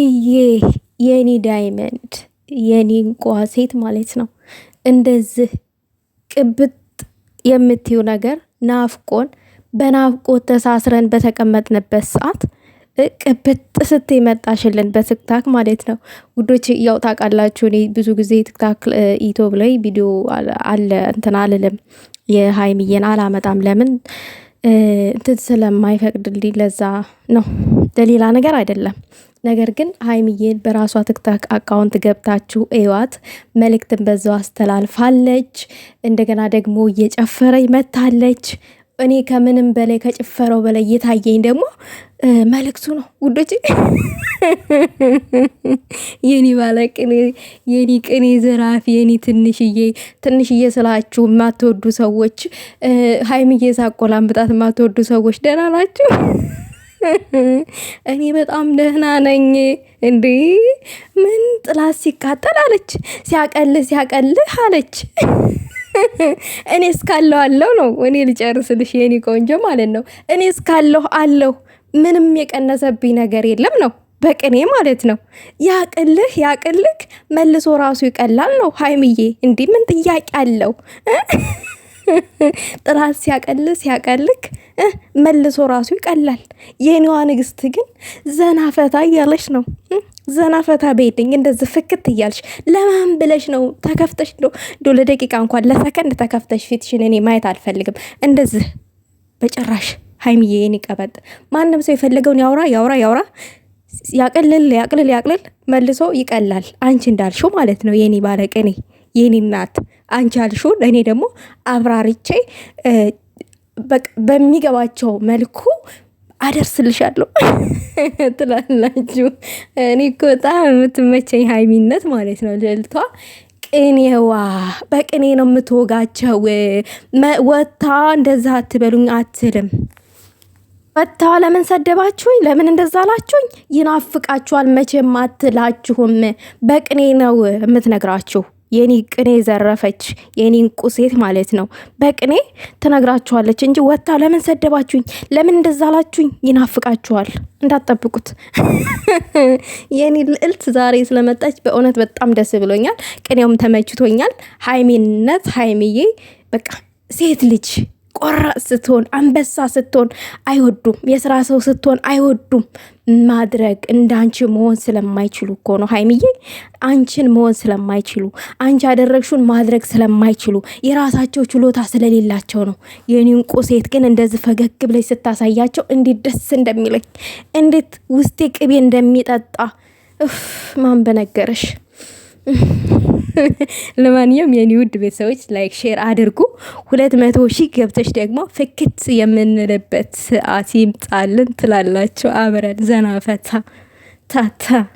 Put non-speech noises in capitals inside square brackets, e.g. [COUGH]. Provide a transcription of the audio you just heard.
ሀይሚዬ የኒ ዳይመንድ የኒ እንቋ ሴት ማለት ነው። እንደዚህ ቅብጥ የምትዩ ነገር ናፍቆን በናፍቆት ተሳስረን በተቀመጥንበት ሰዓት ቅብጥ ስት ይመጣሽልን በትክታክ ማለት ነው። ውዶች ያው ታውቃላችሁ፣ እኔ ብዙ ጊዜ ትክታክ ኢቶ ላይ ቪዲዮ አለ እንትን አልልም የሀይሚዬን አላመጣም። ለምን እንትን ስለማይፈቅድልኝ ለዛ ነው፣ ለሌላ ነገር አይደለም። ነገር ግን ሀይሚዬን በራሷ ትክታክ አካውንት ገብታችሁ እዋት መልእክትን በዛው አስተላልፋለች። እንደገና ደግሞ እየጨፈረ ይመታለች። እኔ ከምንም በላይ ከጭፈረው በላይ እየታየኝ ደግሞ መልእክቱ ነው ውዶች። የኔ ባለቅኔ፣ የኔ ቅኔ ዘራፍ፣ የኔ ትንሽዬ ትንሽዬ ስላችሁ የማትወዱ ሰዎች ሀይሚዬ ምጣት የማትወዱ ሰዎች ደህና ናችሁ? [LAUGHS] እኔ በጣም ደህና ነኝ። እንዴ ምን ጥላት ሲቃጠል አለች፣ ሲያቀልህ ሲያቀልህ አለች። [LAUGHS] እኔ እስካለሁ አለው ነው። እኔ ልጨርስልሽ የኔ ቆንጆ ማለት ነው። እኔ እስካለሁ አለው። ምንም የቀነሰብኝ ነገር የለም ነው በቅኔ ማለት ነው። ያቅልህ ያቅልክ መልሶ ራሱ ይቀላል ነው። ሀይምዬ እንዲህ ምን ጥያቄ አለው? [LAUGHS] ጥላት ሲያቀል ሲያቀልክ መልሶ ራሱ ይቀላል። የኔዋ ንግስት ግን ዘና ፈታ እያለች ነው። ዘናፈታ ፈታ በይልኝ እንደዚህ ፍክት እያልሽ ለማን ብለሽ ነው ተከፍተሽ? ዶ ለደቂቃ እንኳን ለሰከንድ ተከፍተሽ ፊትሽን እኔ ማየት አልፈልግም። እንደዚህ በጭራሽ ሀይሚዬ፣ የኔ ቀበጥ። ማንም ሰው የፈለገውን ያውራ ያውራ ያውራ ያቅልል ያቅልል ያቅልል፣ መልሶ ይቀላል። አንቺ እንዳልሽው ማለት ነው የኔ ባለቅኔ የኔ እናት አንቺ ያልሽውን እኔ ደግሞ አብራርቼ በሚገባቸው መልኩ አደርስልሻለሁ [LAUGHS] ትላላችሁ። እኔ እኮ በጣም የምትመቸኝ ሀይሚነት ማለት ነው ልልቷ ቅኔዋ በቅኔ ነው የምትወጋቸው። ወታ እንደዛ አትበሉኝ አትልም። ወታ ለምን ሰደባችሁኝ? ለምን እንደዛ አላችሁኝ? ይናፍቃችኋል መቼም አትላችሁም። በቅኔ ነው የምትነግራችሁ። የኔ ቅኔ ዘረፈች የኔን ቁሴት ማለት ነው። በቅኔ ትነግራችኋለች እንጂ ወታ ለምን ሰደባችሁኝ፣ ለምን እንደዛ አላችሁኝ? ይናፍቃችኋል፣ እንዳትጠብቁት። [LAUGHS] የኔ ልዕልት ዛሬ ስለመጣች በእውነት በጣም ደስ ብሎኛል። ቅኔውም ተመችቶኛል። ሀይሚነት ሀይሚዬ በቃ ሴት ልጅ ቆራጥ ስትሆን አንበሳ ስትሆን አይወዱም። የስራ ሰው ስትሆን አይወዱም። ማድረግ እንደ አንቺ መሆን ስለማይችሉ እኮ ነው ሀይሚዬ፣ አንቺን መሆን ስለማይችሉ አንቺ ያደረግሽውን ማድረግ ስለማይችሉ የራሳቸው ችሎታ ስለሌላቸው ነው። የኒንቁ ሴት ግን እንደዚህ ፈገግ ብለሽ ስታሳያቸው እንዴት ደስ እንደሚለኝ እንዴት ውስጤ ቅቤ እንደሚጠጣ እፍ ማን በነገረሽ [LAUGHS] ለማንኛውም የኔ ውድ ቤተሰቦች ላይክ ሼር አድርጉ። ሁለት መቶ ሺህ ገብተሽ ደግሞ ፍክት የምንልበት ሰዓት ይምጣልን ትላላችሁ። አብረን ዘና ፈታ ታታ